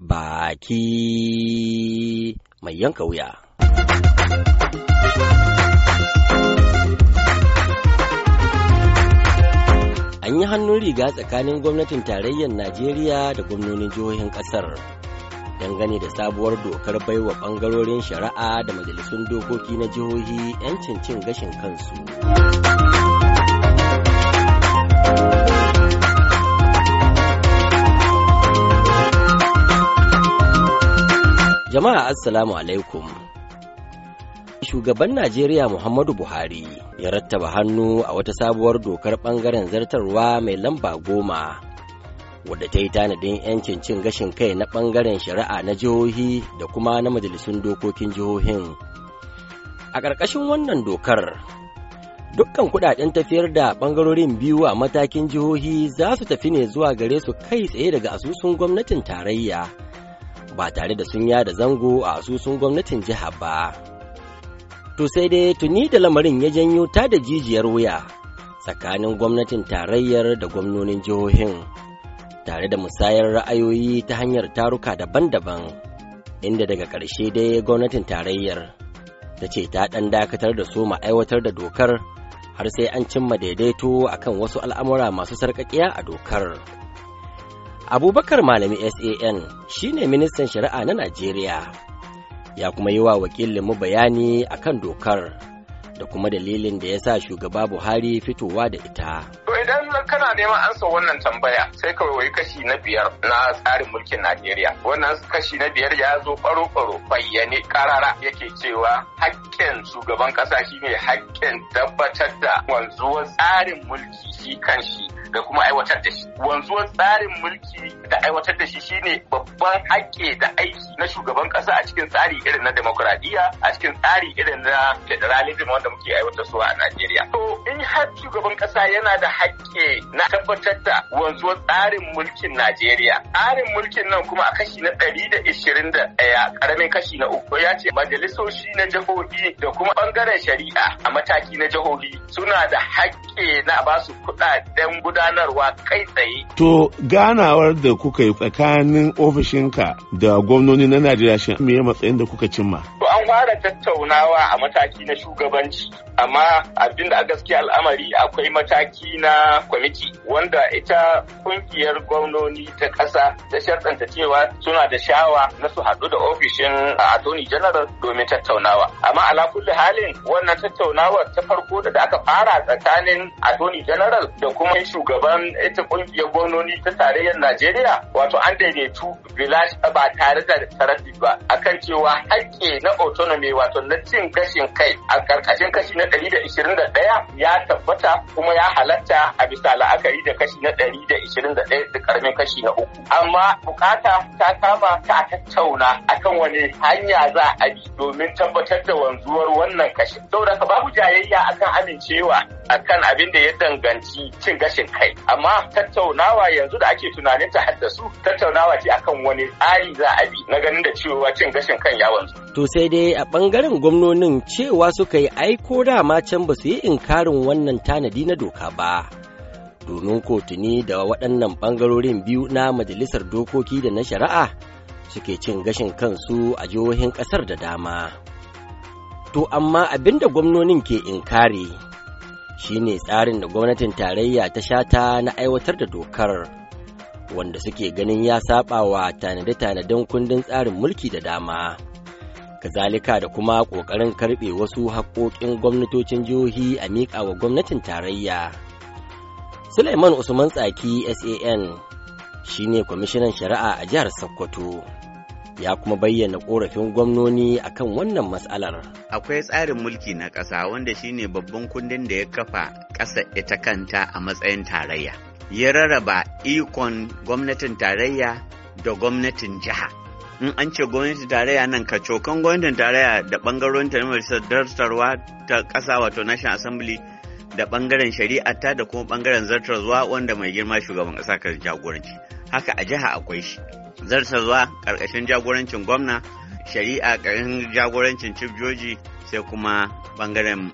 baki mai yanka wuya. An yi hannun riga tsakanin gwamnatin tarayyar Najeriya da gwamnonin jihohin ƙasar. dangane da sabuwar dokar baiwa ɓangarorin shari'a da majalisun dokoki na jihohi 'yancin cin gashin kansu. Jama'a Assalamu alaikum. Shugaban Najeriya Muhammadu Buhari ya rattaba hannu a wata sabuwar dokar ɓangaren zartarwa mai lamba goma, wadda ta yi tanadin 'yancin cin gashin kai na ɓangaren shari'a na jihohi da kuma na majalisun dokokin jihohin. A ƙarƙashin wannan dokar, dukkan kuɗaɗen tafiyar da ɓangarorin biyu a matakin jihohi za su tafi ne zuwa gare su kai tsaye daga asusun gwamnatin tarayya. ba tare da sun yada zango a asusun gwamnatin jiha ba. To sai dai tuni da lamarin ya janyo ta da jijiyar wuya tsakanin gwamnatin tarayyar da gwamnonin jihohin tare da musayar ra'ayoyi ta hanyar taruka daban-daban inda daga ƙarshe dai gwamnatin tarayyar ta ce ta ɗan dakatar da su ma aiwatar da dokar har sai an cimma daidaito a kan wasu al'amura masu sarƙaƙiya a dokar. abubakar malami san ne ministan shari'a na najeriya ya kuma yi wa wakilinmu bayani akan dokar da kuma dalilin da ya sa shugaba Buhari fitowa da ita. To idan kana neman ansa wannan tambaya sai ka wai kashi na biyar na tsarin mulkin Najeriya. Wannan kashi na biyar ya zo faro-faro bayyane karara yake cewa hakken shugaban kasa shine hakken tabbatar da wanzuwar tsarin mulki shi kan shi da kuma aiwatar da shi. Wanzuwar tsarin mulki da aiwatar da shi shine babban hakke da aiki na shugaban ƙasa a cikin tsari irin na demokradiyya a cikin tsari irin na federalism wanda da muke aiwatar a Najeriya. To in har shugaban kasa yana da haƙƙi na tabbatar da wanzuwar tsarin mulkin Najeriya. Tsarin mulkin nan kuma a kashi na ɗari da ishirin da ɗaya ƙaramin kashi na uku ya ce majalisoshi na jihohi da kuma ɓangaren shari'a a mataki na jihohi suna da haƙƙi na ba su kuɗaɗen gudanarwa kai tsaye. To ganawar da kuka yi tsakanin ofishinka da gwamnoni na Najeriya shi me matsayin da kuka cimma? an fara tattaunawa a mataki na shugabanci amma abin da a gaskiya al'amari akwai mataki na kwamiti wanda ita kungiyar gwamnoni ta ƙasa ta sharɗanta cewa suna da shawa na su haɗu da ofishin attorney general domin tattaunawa amma ala kulli halin wannan tattaunawar ta farko da aka fara tsakanin attorney general da kuma shugaban ita kungiyar gwamnoni ta tarayyar najeriya wato an daidaitu village ba tare da tarafi ba akan cewa haƙƙi na autonomy wato na cin gashin kai a ƙarƙashin kashi na ɗari da ishirin da ɗaya ya tabbata kuma ya halatta a bisa la'akari da kashi na ɗari da ishirin da ɗaya da ƙaramin kashi na uku. Amma bukata ta kama ta tattauna akan wani hanya za a bi domin tabbatar da wanzuwar wannan kashin. Saboda babu jayayya akan amincewa akan abin da ya danganci cin gashin kai amma tattaunawa yanzu da ake tunanin ta haddasu tattaunawa ce akan wani tsari za a bi na ganin da cewa cin gashin kan ya wanzu to sai dai a bangaren gwamnonin cewa suka yi aiko dama can ba su yi inkarin wannan tanadi na doka ba domin kotuni da waɗannan bangarorin biyu na majalisar dokoki da na shari'a suke cin gashin kansu a jihohin ƙasar da dama. To amma abinda gwamnonin ke inkari shine tsarin da gwamnatin tarayya ta shata na aiwatar da dokar wanda suke ganin ya saba wa tanade-tanaden kundin tsarin mulki da dama kazalika da kuma ƙoƙarin karɓe wasu haƙoƙin gwamnatocin jihohi a miƙa wa gwamnatin tarayya suleiman usman tsaki san shine kwamishinan shari'a a jihar sokoto ya kuma bayyana korafin gwamnoni akan wannan matsalar. Akwai tsarin mulki na ƙasa wanda shine babban kundin da ya kafa ƙasa ita kanta a matsayin tarayya. Ya rarraba ikon gwamnatin tarayya da gwamnatin jiha. In an ce gwamnatin tarayya nan ka cokan gwamnatin tarayya da ɓangarorin ta majalisar dartarwa ta ƙasa wato National Assembly da ɓangaren shari'a ta da kuma ɓangaren zartarwa wanda mai girma shugaban ƙasa ka jagoranci. Haka a jiha akwai shi. zuwa ƙarƙashin jagorancin gwamna shari'a ƙarƙashin jagorancin chief joji sai kuma ɓangaren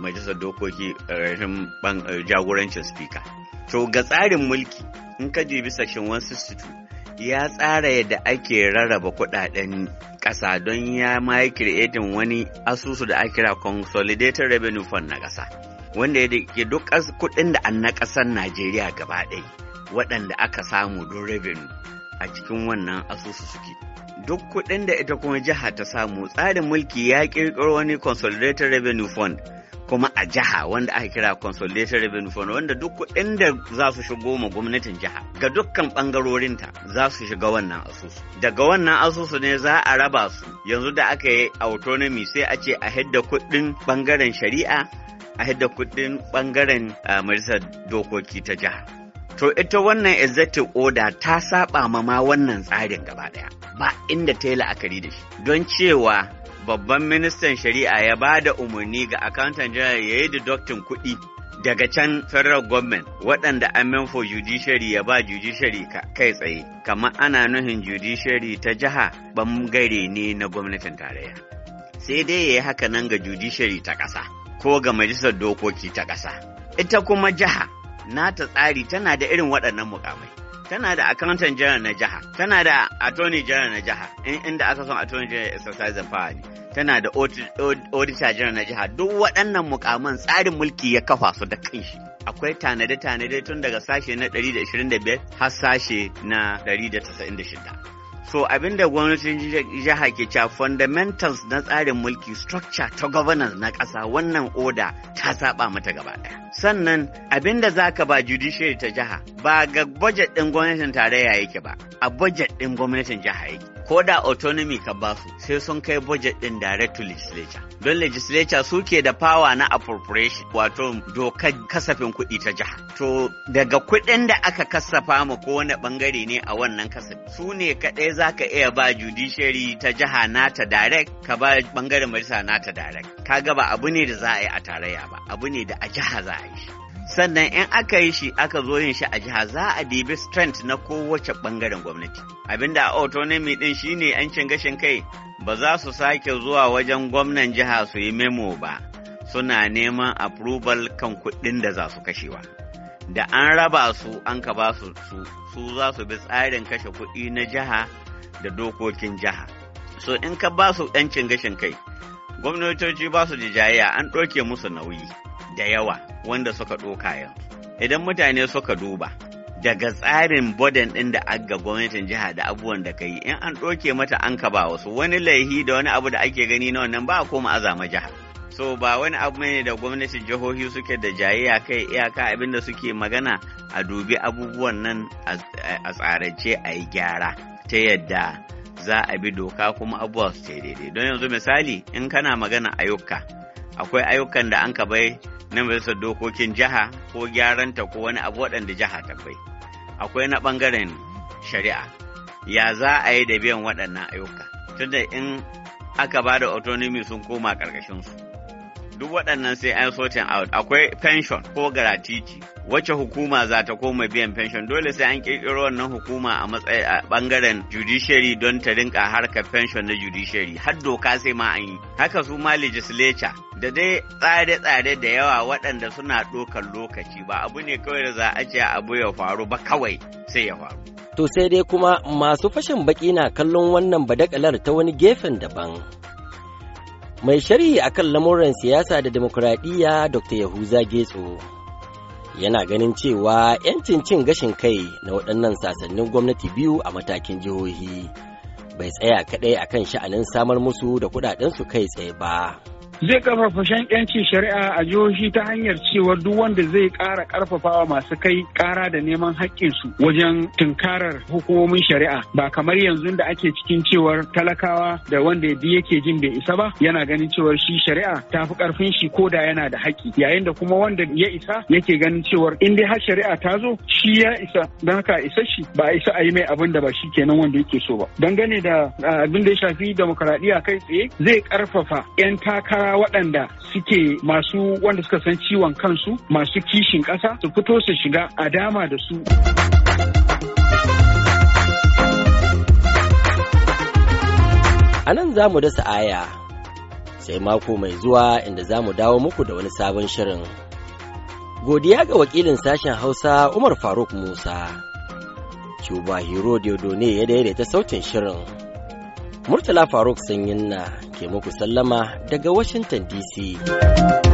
majalisar dokoki ƙarƙashin eh, jagorancin speaker to ga tsarin mulki in ka je bisa shin 162 ya tsara yadda ake rarraba kuɗaɗen ƙasa don ya ma yi kiretin wani asusu da ake kira consolidated revenue fund na ƙasa wanda ya ke duk kuɗin da an na ƙasar najeriya gaba ɗaya waɗanda aka samu don revenue a cikin wannan asusu suke. Duk kuɗin da ita kuma jiha ta samu tsarin mulki ya ƙirƙiro wani Consolidated Revenue Fund kuma a jiha wanda aka kira Consolidated Revenue Fund wanda duk kuɗin da za su shigo ma gwamnatin jiha ga dukkan ɓangarorinta za su shiga wannan asusu. Daga wannan asusu ne za a raba su yanzu da aka yi autonomy sai a ce a hidda kuɗin ɓangaren shari'a a hidda kuɗin ɓangaren ah, majalisar dokoki ta jiha. To ita wannan executive order ta saba ma ma wannan tsarin gaba daya ba inda ta yi la'akari da shi don cewa babban ministan shari'a ya ba da umarni ga accountant general ya yi deducting kuɗi daga can federal government waɗanda amen for judiciary ya ba judiciary kai tsaye kamar ana nuhin judiciary ta jiha bangare ne na gwamnatin tarayya sai dai ya yi haka nan ga judiciary ta ƙasa ko ga majalisar dokoki ta ƙasa ita kuma jiha nata tsari tana da irin waɗannan mukamai tana da accountant general na jiha tana da attorney general na jiha inda aka son attorney general exercise power ne tana da auditor general na jiha duk waɗannan mukaman tsarin mulki ya kafa su da kanshi akwai tanade-tanade tun daga sashe na 125 har sashe na 196 So abinda gwamnatin jiha ke cewa fundamentals na tsarin mulki structure ta governance na ƙasa wannan oda ta saba mata gaba ɗaya. Sannan abinda za ka ba judiciary ta jiha ba ga budget ɗin gwamnatin tarayya yake ba, a budget ɗin gwamnatin jiha yake. ko da autonomy ka ba su sai sun kai budget din direct to legislature don legislature suke da power na appropriation wato dokar kasafin kuɗi ta jiha to daga kuɗin da aka kasafa ko wani bangare ne a wannan kasafi su ne kaɗai zaka iya ba judiciary ta jiha nata direct ka ba bangaren majalisa nata direct kaga ba abu ne da za a yi a tarayya ba abu ne da a jiha za a yi sannan in aka yi shi aka zo yin shi a jiha za a dibi strength na kowace bangaren gwamnati abinda a autonomy din shine yancin gashin kai ba za su sake zuwa wajen gwamnan jiha su yi memo ba suna neman approval kan kuɗin da za su kashewa da an raba su an ka ba su su za su bi tsarin kashe kuɗi na jiha da dokokin jiha so in ka ba su yancin gashin kai gwamnatoci ba su jijaya an ɗauke musu nauyi da yawa wanda suka ɗoka yanzu. Idan mutane suka duba daga tsarin bodin ɗin da aga gwamnatin jiha da abubuwan da ka yi in an ɗoke mata an ka ba wasu wani laihi da wani abu da ake gani na wannan ba a koma azama jiha. So ba wani abu ne da gwamnatin jihohi suke da jayayya kai iyaka abin da suke magana a dubi abubuwan nan a tsarance a yi gyara ta yadda za a bi doka kuma abubuwa su daidai. Don yanzu misali in kana magana ayyuka akwai ayyukan da an ka bai na majalisar dokokin jiha ko gyaran ta ko wani abu waɗanda jiha ta kai akwai na ɓangaren shari'a ya za a yi da biyan waɗannan ayyuka tunda in aka ba da autonomy sun koma ƙarƙashinsu duk waɗannan sai an sorting out akwai pension ko gratuity wacce hukuma za ta koma biyan pension dole sai an kirkiro wannan hukuma a matsayi a bangaren judiciary don ta rinka harkar pension na judiciary har doka sai ma an yi haka su ma legislature da dai tsare-tsare da yawa waɗanda suna ɗaukar lokaci ba abu ne kawai da za a ce abu ya faru ba kawai sai ya faru to sai dai kuma masu fashin baƙi na kallon wannan badakalar ta wani gefen daban mai sharhi akan lamuran siyasa da demokuraɗiyya dr yahuza getso yana ganin cewa 'yancin cin gashin kai na waɗannan sasannin gwamnati biyu a matakin jihohi bai tsaya kaɗai akan sha'anin samar musu da su kai tsaye ba. zai karfafa shan yanci shari'a a jihohi ta hanyar cewa duk wanda zai ƙara karfafawa masu kai kara da neman haƙƙinsu wajen tunkarar hukumomin shari'a ba kamar yanzu da ake cikin cewar talakawa da wanda bi yake jin bai isa ba yana ganin cewar shi shari'a ta fi ƙarfin shi ko da yana da haƙƙi yayin da kuma wanda ya isa yake ganin cewar in dai har shari'a ta zo shi ya isa don haka isa shi ba a isa a yi mai abin da ba shi kenan wanda yake so ba dangane da ah, abin da ya shafi demokaradiyya kai tsaye zai ƙarfafa 'yan takara waɗanda suke masu wanda suka san ciwon kansu masu kishin ƙasa su fito su shiga a dama da su. A nan za mu dasa aya sai mako mai zuwa inda za mu dawo muku da wani sabon shirin. Godiya ga wakilin sashen Hausa Umar Faruk Musa. Cuba Hero Diodone ya daidaita sautin shirin. Murtala Faruk Sanyin na ke muku sallama daga Washington DC.